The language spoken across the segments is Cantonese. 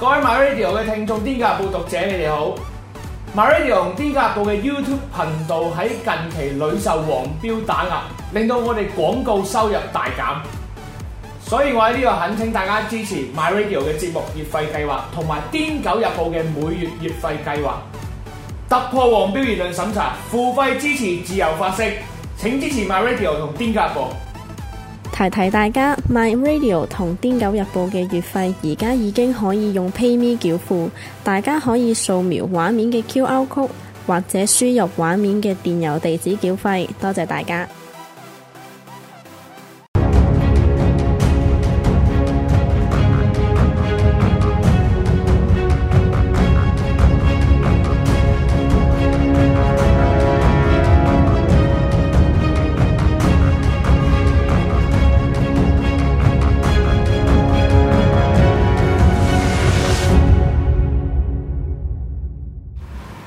各位 My Radio 嘅聽眾，《癲狗日報》讀者，你哋好！My Radio 同《癲狗日報》嘅 YouTube 頻道喺近期屢受黃標打壓，令到我哋廣告收入大減。所以我喺呢度懇請大家支持 My Radio 嘅節目月費計劃，同埋《癲狗日報》嘅每月月月費計劃，突破黃標言論審查，付費支持自由發聲，請支持 My Radio 同《癲狗日報》。提提大家，My Radio 同《癲狗日報》嘅月費而家已經可以用 PayMe 繳付，大家可以掃描畫面嘅 QR code，或者輸入畫面嘅電郵地址繳費。多謝大家。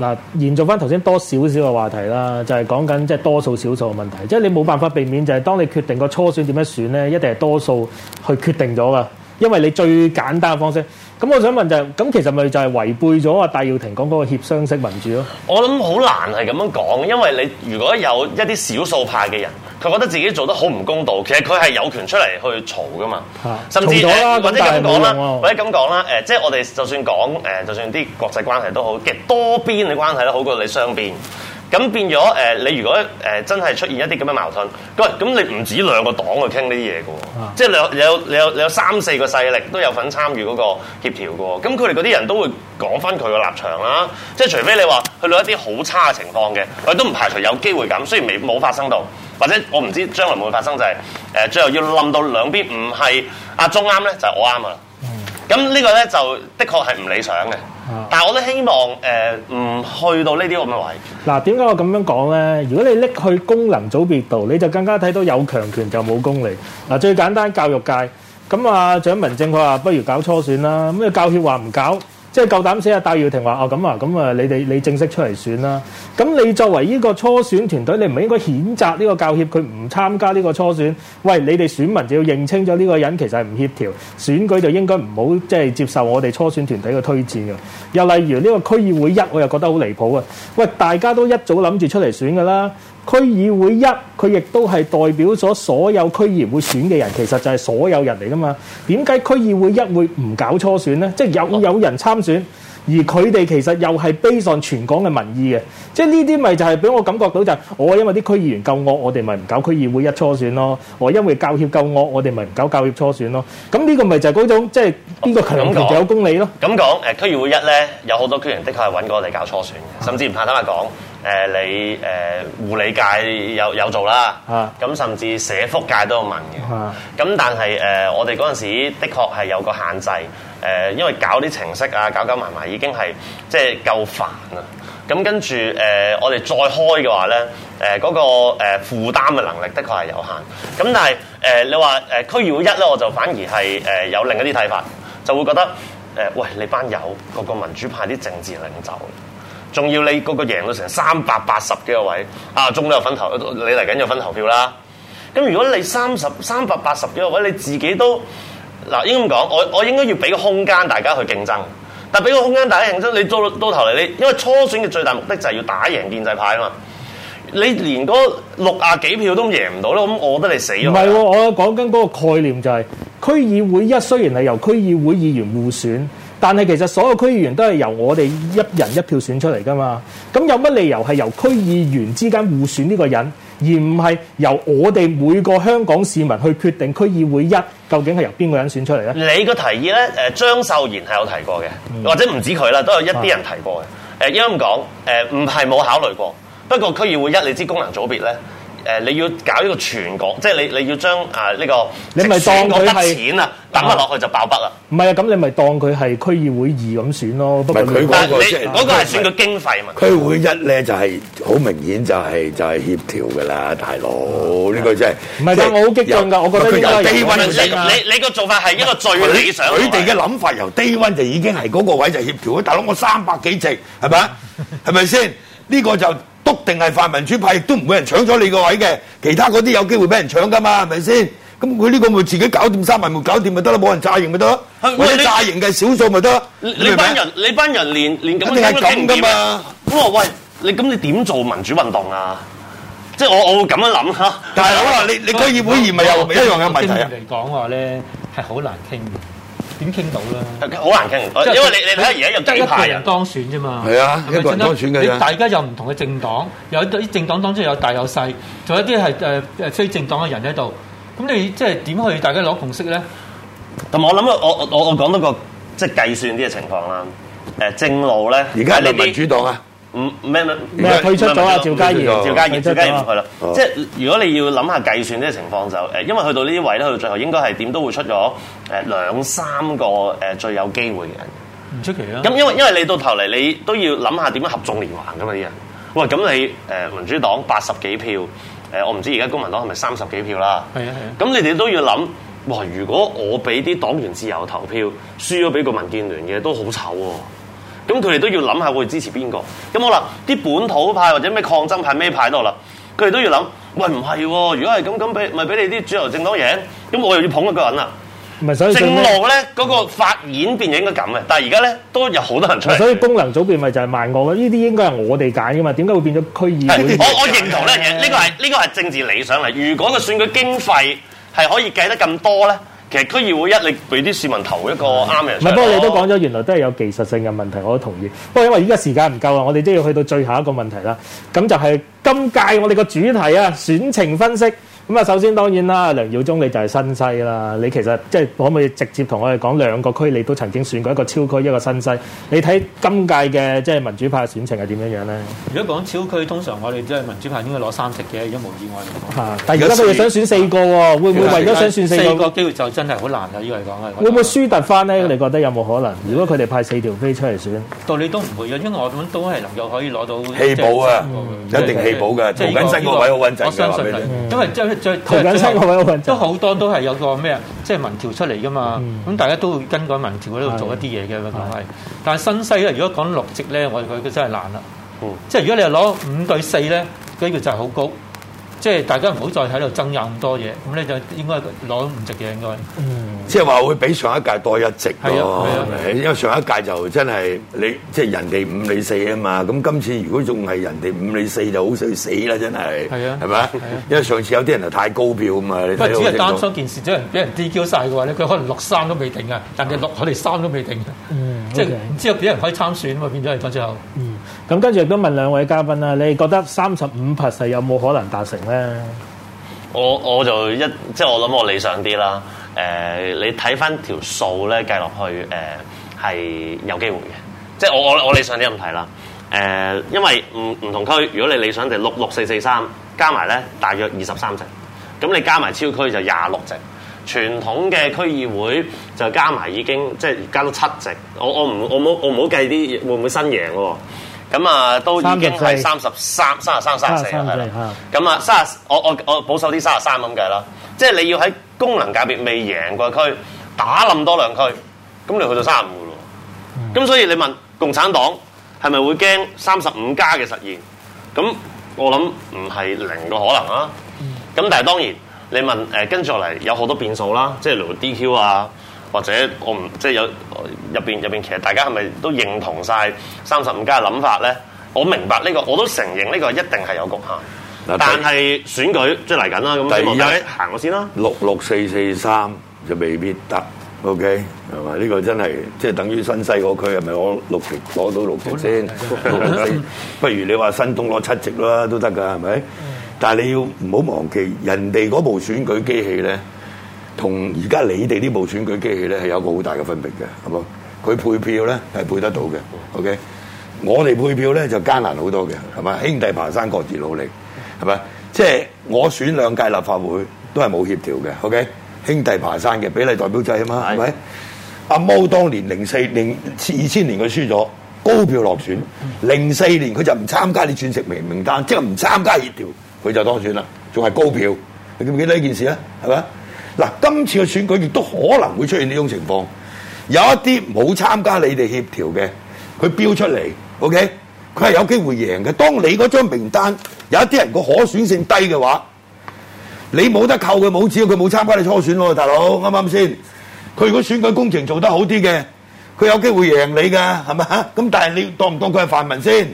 啊！延續翻頭先多少少嘅話題啦，就係講緊即係多數少數嘅問題，即係你冇辦法避免，就係當你決定個初選點樣選呢，一定係多數去決定咗㗎，因為你最簡單嘅方式。咁我想問就係、是，咁其實咪就係違背咗啊，戴耀廷講嗰個協商式民主咯。我諗好難係咁樣講，因為你如果有一啲少數派嘅人，佢覺得自己做得好唔公道，其實佢係有權出嚟去嘈㗎嘛。甚至啦，或者咁講啦，或者咁講啦，即、呃、係、就是、我哋就算講、呃、就算啲國際關係都好，其實多邊嘅關係都好過你雙邊。咁變咗誒、呃，你如果誒、呃、真係出現一啲咁嘅矛盾，唔咁你唔止兩個黨去傾呢啲嘢㗎喎，即係、嗯、有有有有三四個勢力都有份參與嗰個協調㗎喎，咁佢哋嗰啲人都會講翻佢個立場啦，即、啊、係、就係、除非你話去到一啲好差嘅情況嘅，佢都唔排除有機會咁，雖然未冇發生到，或者我唔知將來會發生就係、係、誒、呃、最後要冧到兩邊唔係阿鍾啱咧，就係、係、我啱啊！咁呢個咧就的確係唔理想嘅，啊、但我都希望誒唔、呃、去到、啊、呢啲咁嘅位。嗱，點解我咁樣講咧？如果你拎去功能組別度，你就更加睇到有強權就冇公理。嗱、啊，最簡單教育界，咁啊張文光佢話不如搞初選啦，咁啊教協話唔搞。即係夠膽死啊！戴耀廷話：啊咁啊咁啊，你哋你正式出嚟選啦。咁你作為呢個初選團隊，你唔應該譴責呢個教協佢唔參加呢個初選。喂，你哋選民就要認清咗呢個人其實係唔協調，選舉就應該唔好即係接受我哋初選團隊嘅推薦㗎。又例如呢個區議會一，我又覺得好離譜啊！喂，大家都一早諗住出嚟選㗎啦。區議會一佢亦都係代表咗所有區議員會選嘅人，其實就係所有人嚟噶嘛？點解區議會一會唔搞初選呢？即係有有人參選，而佢哋其實又係背上全港嘅民意嘅。即係呢啲咪就係俾我感覺到就係、是、我、哦、因為啲區議員夠惡，我哋咪唔搞區議會一初選咯。我、哦、因為教協夠惡，我哋咪唔搞教協初選咯。咁呢個咪就係嗰種即係邊個強權就有公理咯。咁講誒區議會一呢，有好多區議員，的確係揾過我哋搞初選嘅，甚至唔怕坦白講。誒、呃、你誒護、呃、理界有有做啦，咁、啊、甚至社福界都有問嘅，咁、啊、但係誒、呃、我哋嗰陣時的確係有個限制，誒、呃、因為搞啲程式啊，搞搞埋埋已經係即係夠煩啊，咁跟住誒、呃、我哋再開嘅話咧，誒、呃、嗰、那個誒、呃、負擔嘅能力的確係有限，咁但係誒、呃、你話誒、呃、區議會一咧，我就反而係誒、呃、有另一啲睇法，就會覺得誒、呃、喂你班友個個民主派啲政治領袖。仲要你嗰個贏到成三百八十幾個位，啊，仲都有分投，你嚟緊有分投票啦。咁如果你三十三百八十幾個位，你自己都嗱，應該咁講，我我應該要俾個,個空間大家去競爭。但係俾個空間大家競爭，你到到頭嚟，你因為初選嘅最大目的就係要打贏建制派吖嘛。你連嗰六啊幾票都贏唔到咧，咁我覺得你死咗。唔係喎，我講緊嗰個概念就係、是、區議會一，雖然係由區議會議員互選。但係其實所有區議員都係由我哋一人一票選出嚟㗎嘛，咁有乜理由係由區議員之間互選呢個人，而唔係由我哋每個香港市民去決定區議會一究竟係由邊個人選出嚟呢？你個提議呢，誒張秀賢係有提過嘅，或者唔止佢啦，都有一啲人提過嘅。誒應該講唔係冇考慮過，不過區議會一你知功能組別呢。誒，你要搞一個全國，即係你你要將啊呢個，你咪當佢係錢啊，抌唔落去就爆筆啦。唔係啊，咁你咪當佢係區議會議咁選咯。唔係佢嗰個，即係嗰個算經費嘛。區會一咧就係好明顯就係就係協調嘅啦，大佬呢句真係。唔係，但係我好激進㗎，我覺得 day one 你你個做法係一個最理想。佢哋嘅諗法由 day one 就已經係嗰個位就協調，大佬我三百幾席係咪啊？係咪先？呢個就。篤定係泛民主派，亦都唔會人搶咗你個位嘅。其他嗰啲有機會俾人搶噶嘛？係咪先？咁佢呢個咪自己搞掂，三萬冇搞掂咪得咯，冇人炸營咪得。或者炸營嘅少數咪得。你班人，你班人連連咁樣都傾唔掂嘛、啊啊我？咁啊喂，你咁你點做民主運動啊？即係我我會咁樣諗嚇。啊、但係是好你你區議會議咪又一樣嘅問題啊。嚟講話咧係好難傾。點傾到啦？好難傾，即係因為你你睇而家用得一個人當選啫嘛。係啊，係係一個人當選嘅。你大家有唔同嘅政黨，有啲政黨當中有大有細，仲有啲係誒誒非政黨嘅人喺度。咁你即係點去大家攞共識咧？同埋我諗啊，我我我講多個即係計算啲嘅情況啦。誒，正路咧，而家係你民主黨啊？唔咩咩咩退出咗啊！趙家賢，趙家賢，趙家賢，係咯，即係如果你要諗下計算呢個情況就因為去到呢啲位咧，去到最後應該係點都會出咗兩三個最有機會嘅人，唔出奇啊！咁因為因為你到頭嚟你都要諗下點樣合縱連橫噶嘛啲人，喂咁你民主黨八十幾票，我唔知而家公民黨係咪三十幾票啦，係啊係啊，咁你哋都要諗，哇！如果我俾啲黨員自由投票，輸咗俾個民建聯嘅都好醜喎。咁佢哋都要諗下會支持邊個？咁好啦，啲本土派或者咩抗爭派咩派都好啦，佢哋都要諗。喂，唔係、啊，如果係咁，咁俾咪俾你啲主流政黨贏？咁我又要捧一個人啦。唔係，所以正路咧嗰個發演變就應該咁嘅。但係而家咧都有好多人出嚟。所以功能組別咪就係萬惡嘅？呢啲應該係我哋揀嘅嘛？點解會變咗區議會？我我認同呢樣嘢，呢 個係呢、呢個係政治理想嚟。如果佢算佢經費係可以計得咁多咧？其實區議會一，你俾啲市民投一個啱嘅人對，唔係。不過你都講咗，原來都係有技術性嘅問題，我都同意。不過因為依家時間唔夠啦，我哋都要去到最後一個問題啦。咁就係今屆我哋個主題啊，選情分析。咁啊，首先當然啦，梁耀忠你就係新西啦。你其實即係可唔可以直接同我哋講兩個區，你都曾經選過一個超區一個新西。你睇今屆嘅即係民主派選情係點樣樣咧？如果講超區，通常我哋即係民主派應該攞三席嘅，如果無意外。但係而家佢哋想選四個喎，會唔會為咗想選四個機會就真係好難啊？呢個嚟講啊，會唔會輸突翻咧？你覺得有冇可能？如果佢哋派四條飛出嚟選，道理都唔會嘅，因為我諗都係能夠可以攞到。棄保啊，一定棄保㗎，做緊新個位好穩陣我相信，因最近都好多都係有個咩啊，即係民調出嚟噶嘛，咁、嗯、大家都會跟個民調嗰度做一啲嘢嘅咁係，但係新西咧，如果講六席咧，我哋覺得真係難啦。好即係如果你係攞五對四咧，佢呢啲就係好高。即係大家唔好再喺度爭拗咁多嘢，咁你就應該攞唔值嘅應該。嗯，即係話會比上一屆多一席咯、啊，啊啊啊啊、因為上一屆就真係你即係、就是、人哋五你四啊嘛，咁今次如果仲係人哋五你四就好想死啦，真係。係啊。係咪吧、啊、因為上次有啲人就太高票啊嘛。因為只係擔心件事，即係俾人 DQ 晒嘅話咧，佢可能六三都未定啊，但哋六佢哋三都未定。6，未定嗯。即係是唔 Okay. 知有幾多人可以參選啊嘛，變咗嚟講就。嗯。咁跟住亦都問兩位嘉賓啊，你哋覺得三十五 plus 有冇可能達成咧？我我就一即係我諗我理想啲啦。誒、呃，你睇翻條數咧，計落去誒，係、呃、有機會嘅。即係我我我理想啲咁睇啦。誒、呃，因為唔唔同區，如果你理想就六六四四三加埋咧，大約二十三席。咁你加埋超區就廿六席。傳統嘅區議會就加埋已經即係加到七席。我我唔我冇我冇計啲會唔會新贏喎？咁啊，都已經係三十三、三十三、三十四係啦。咁啊，三十我我我保守啲三十三咁計啦。即係你要喺功能界別未贏過區，打冧多兩區，咁你去到三十五嘅喎。咁、嗯、所以你問共產黨係咪會驚三十五加嘅實現？咁我諗唔係零個可能啊。咁、嗯、但係當然，你問誒跟住落嚟有好多變數啦，即係例如 DQ 啊。或者我唔即係有入邊入邊，其實大家係咪都認同曬三十五加嘅諗法咧？我明白呢個，我都承認呢個一定係有局限。嗱的，但係選舉即係嚟緊啦。咁第二日行我先啦。六六四四三就未必得。OK 係嘛？呢個真係即係等於新西嗰區係咪攞六席攞到六席先？ 不如你話新東攞七席啦都得㗎係咪？嗯、但係你要唔好忘記人哋嗰部選舉機器咧。同而家你哋呢部選舉機器咧係有個好大嘅分別嘅，係嘛？佢配票咧係配得到嘅，OK。我哋配票咧就艱難好多嘅，係咪？兄弟爬山各自努力，係咪？即係我選兩屆立法會都係冇協調嘅，OK。兄弟爬山嘅比例代表制啊嘛，係咪？阿毛當年零四零二千年，佢輸咗高票落選，零四年佢就唔參加鑽石名名單，即係唔參加協調，佢就當選啦，仲係高票。你記唔記得呢件事咧？係咪？嗱，今次嘅選舉亦都可能會出現呢種情況，有一啲冇參加你哋協調嘅，佢標出嚟，OK，佢係有機會贏嘅。當你嗰張名單有一啲人個可選性低嘅話，你冇得扣佢帽子，只要佢冇參加你初選咯，大佬啱唔啱先？佢如果選舉工程做得好啲嘅，佢有機會贏你㗎，係咪啊？咁但係你當唔當佢係泛民先？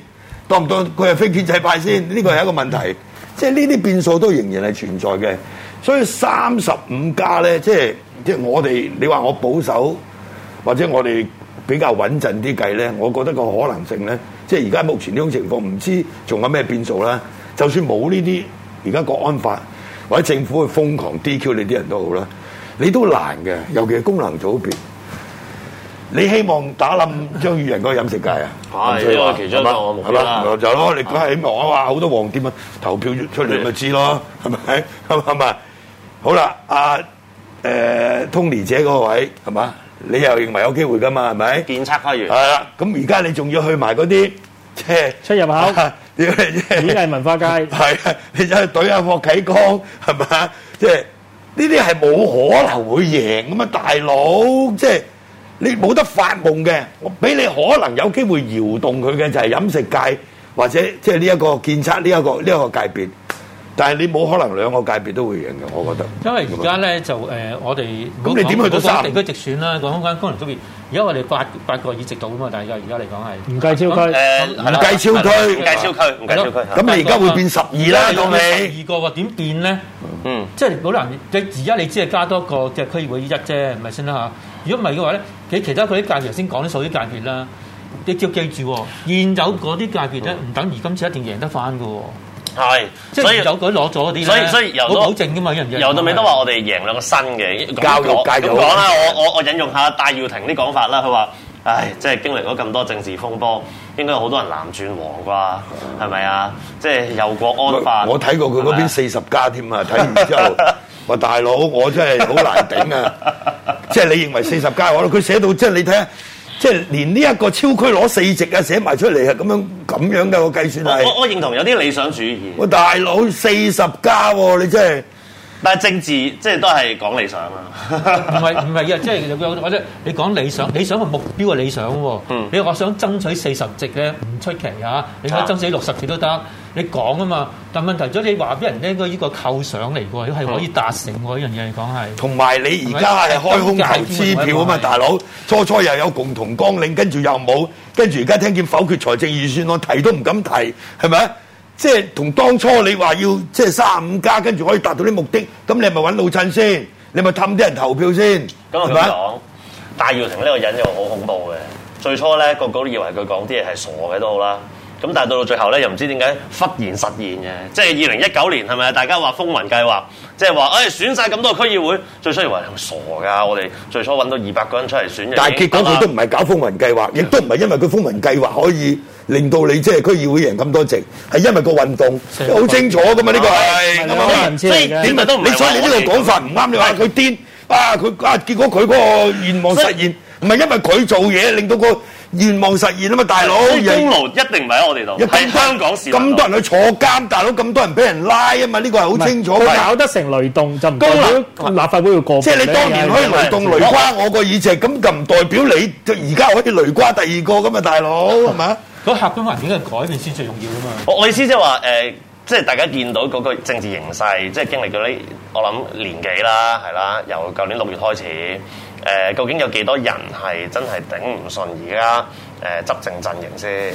當唔當佢係非建制派先？呢個係一個問題。即係呢啲變數都仍然係存在嘅，所以三十五家咧，即係即係我哋你話我保守或者我哋比較穩陣啲計咧，我覺得個可能性咧，即係而家目前呢種情況唔知仲有咩變數啦。就算冇呢啲，而家國安法或者政府去瘋狂 DQ 你啲人都好啦，你都難嘅，尤其係功能組別。你希望打冧張宇人嗰個飲食界啊？啊，即係其中一個，係啦，就係咯。你梗係希望我話好多黃店啊？投票出嚟咪知囉，係咪？係咪？好啦，Tony 姐嗰位係嘛？你又認為有機會㗎嘛？係咪？檢測開完。係啦。咁而家你仲要去埋嗰啲即係出入口、體藝文化界。係啊？你走去懟下霍啟剛係嘛？即係呢啲係冇可能會贏咁啊！大佬即係。你冇得發夢嘅，我俾你可能有機會搖動佢嘅就係飲食界或者即係呢一個建測呢一個呢一個界別，但係你冇可能兩個界別都會贏嘅，我覺得。因為而家咧就誒，我哋咁你點去到三？講地區直選啦，空間功能組別。而家我哋八八個議席到啊嘛，大家而家嚟講係唔計超區唔計超區，唔計超區唔計超區，咁你而家會變十二啦，咁你十二個喎，點變咧？嗯，即係好難。即而家你只係加多個嘅區議會一啫，係咪先啦嚇？如果唔係嘅話咧？佢其他佢啲界別先講啲數啲界別啦，你只要記住，現有嗰啲界別咧唔等於今次一定贏得翻嘅。係，即係有佢攞咗啲，所以所以，所以由到尾都話我哋贏了兩個新嘅教育界。咁講啦，我我我引用下戴耀廷啲講法啦，佢話：唉，即係經歷咗咁多政治風波，應該有好多人藍轉黃啩，係咪啊？即係又國安法。我睇過佢嗰邊四十加添啊，睇完之後，話 大佬，我真係好難頂啊！ 即係你認為四十加咯，佢寫到即係你睇下，即係連呢一個超區攞四席啊，寫埋出嚟啊，咁樣咁樣嘅個計算係，我我，我認同有啲理想主義。我大佬四十加喎，你真係。但係政治即係都係講理想啊。唔係唔係啊，即係佢我即你講理想，理想個目標係理想喎。你話，嗯、想爭取四十席呢，唔出奇啊！你可以爭取六十席都得。你講啊嘛，但問題咗你話俾人聽，個依個構想嚟嘅喎，係可以達成喎，一樣嘢嚟講係。同埋你而家係開空頭支票啊嘛，大佬初初又有共同綱領，跟住又冇，跟住而家聽見否決財政預算案，提都唔敢提，係咪？即係同當初你話要即係三五加，跟住可以達到啲目的，咁你係咪搵老襯先？你咪氹啲人投票先。咁啊，咪講吧戴耀廷呢個人又好恐怖嘅，最初咧個個都以為佢講啲嘢係傻嘅都好啦。咁但係到到最後咧，又唔知點解忽然實現嘅，即係二零一九年係咪大家話風雲計劃，即係話誒選晒咁多區議會，最初以為係傻噶！我哋最初揾到二百個人出嚟選，但係結果佢都唔係搞風雲計劃，亦都唔係因為佢風雲計劃可以令到你即係區議會贏咁多席，係因為個運動好清楚噶嘛？呢個係非點咪都唔係。你所以你呢個講法唔啱，你話佢癲啊！佢啊，結果佢嗰個願望實現，唔係因為佢做嘢令到個。願望實現啊嘛，大佬！啲功勞一定唔喺我哋度。係香港事，咁多人去坐監，大佬咁多人俾人拉啊嘛，呢個係好清楚。搞得成雷動就唔得。如立法會要過，即係你當年可以雷動雷瓜，我個意即咁，就唔代表你而家可以雷瓜第二個咁啊，大佬係咪？個環境嘅改變先最重要啊嘛。我我意思即係話誒，即係大家見到嗰個政治形勢，即係經歷咗呢，我諗年幾啦，係啦，由舊年六月開始。誒，究竟有幾多人係真係頂唔順而家誒執政陣營先？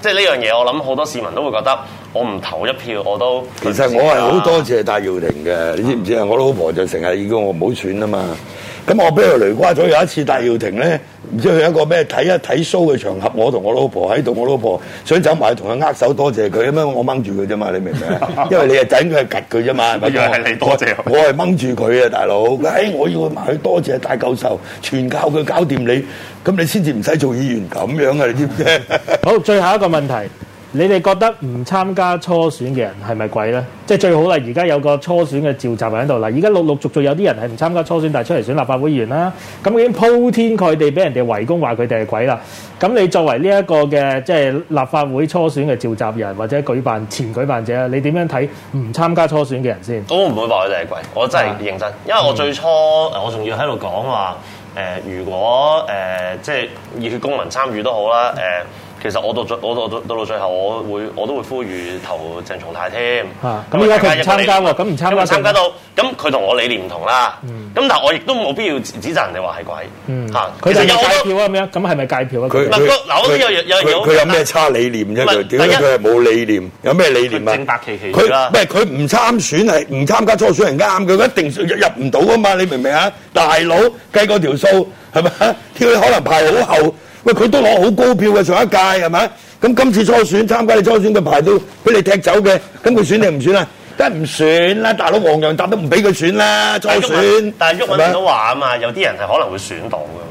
即係呢樣嘢，我諗好多市民都會覺得，我唔投一票我都其實我係好多謝戴耀廷嘅，你知唔知啊？嗯、我老婆就成日叫我唔好選啊嘛。咁、嗯、我俾佢雷瓜咗，有一次戴耀廷咧，唔知去一個咩睇一睇 show 嘅場合，我同我老婆喺度，我老婆想走埋同佢握手多謝佢咁樣，我掹住佢啫嘛，你明唔明？ 因為你係仔，佢係拮佢啫嘛，一樣係你多謝我，我係掹住佢啊，大佬！誒、哎，我要去埋去多謝戴教授，全靠佢搞掂你，咁你先至唔使做議員咁樣啊！你知唔知？ 好，最後一個問題。你哋覺得唔參加初選嘅人係咪鬼咧？即係最好啦！而家有個初選嘅召集人喺度啦，而家陸陸續續有啲人係唔參加初選，但係出嚟選立法會議員啦。咁已經鋪天蓋地俾人哋圍攻，話佢哋係鬼啦。咁你作為呢一個嘅即係立法會初選嘅召集人或者舉辦前舉辦者，你點樣睇唔參加初選嘅人先？我都唔會話佢哋係鬼，我真係認真。吧因為我最初、嗯、我仲要喺度講話如果、呃、即係熱血公民參與都好啦、呃其實我到最我到到到到最後，我會我都會呼籲投鄭松泰添。嚇，咁而家佢又參加喎，咁唔參加到？咁佢同我理念唔同啦。咁但我亦都冇必要指責人哋話係鬼。嚇，佢哋有票啊？咩咁係咪界票啊？佢嗱嗰啲有有佢有咩差理念啫？佢點係冇理念？有咩理念啊？正白旗旗啦。佢唔參選係唔參加初選人啱佢一定入唔到噶嘛？你明唔明啊？大佬計個條數係咪啊？佢可能排好後。喂，佢都攞好高票嘅上一屆係咪？咁今次初選參加你初選，嘅牌都俾你踢走嘅，咁佢選定唔選啊？梗係唔 選啦？大佬黃洋達都唔俾佢選啦，初選。但係毓民都話啊嘛，有啲人係可能會選到噶嘛。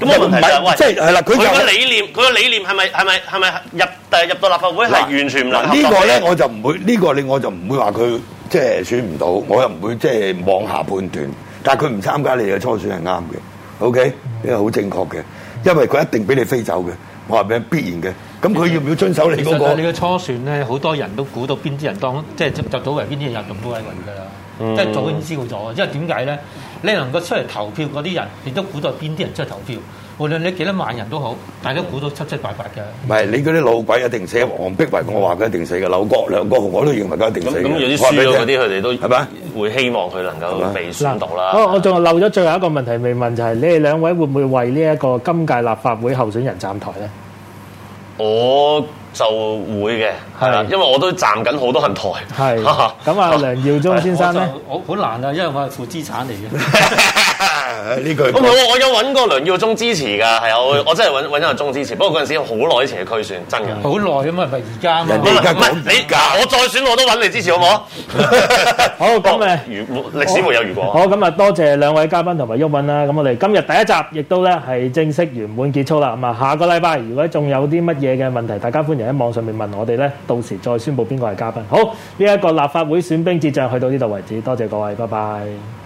咁我問題就係、是，即係係啦，佢、就、個、是就是、理念，佢個理念係咪係咪係咪入誒入到立法會係完全唔能同個呢個咧我就唔會，呢、這個你我就唔會話佢即係選唔到，我又唔會即係妄下判斷。但係佢唔參加你嘅初選係啱嘅，OK，呢個好正確嘅。因為佢一定俾你飛走嘅，我話俾必然嘅。咁佢要唔要遵守你嗰、嗰個？你嘅初選咧，好多人都估到邊啲人當，即係執到為邊啲人入咁多位雲㗎啦。即係、嗯、早已經知道咗，因為點解咧？你能夠出嚟投票嗰啲人，亦都估到邊啲人出嚟投票。無論你幾多萬人都好，大家都估到七七八八嘅。唔係你嗰啲老鬼一定死，黃碧華我話佢一定死嘅，梁國、梁國雄我都認為佢一定死。咁咁有啲書嗰啲，佢哋都係咪？會希望佢能夠被宣讀啦。好，我仲漏咗最後一個問題未問，就係你哋兩位會唔會為呢一個今屆立法會候選人站台咧？我。就會嘅，係啦是，因為我都站緊好多行台。係，咁啊，梁耀忠先生咧，我好難啊，因為我係負資產嚟嘅。呢 句話 我，我，有揾過梁耀忠支持㗎，係啊，我真係揾揾咗個鐘支持。不過嗰陣時好耐以前嘅區選，真㗎。好耐咁啊，而家唔係你，我再選我都揾你支持好唔 好？好，咁啊，如歷史沒有如果。好，咁啊，多謝兩位嘉賓同埋毓民啦。咁我哋今日第一集亦都咧係正式完滿結束啦。咁啊，下個禮拜如果仲有啲乜嘢嘅問題，大家歡。喺網上面問我哋咧，到時再宣布邊個係嘉賓。好，呢、這、一個立法會選兵捷將去到呢度為止，多謝各位，拜拜。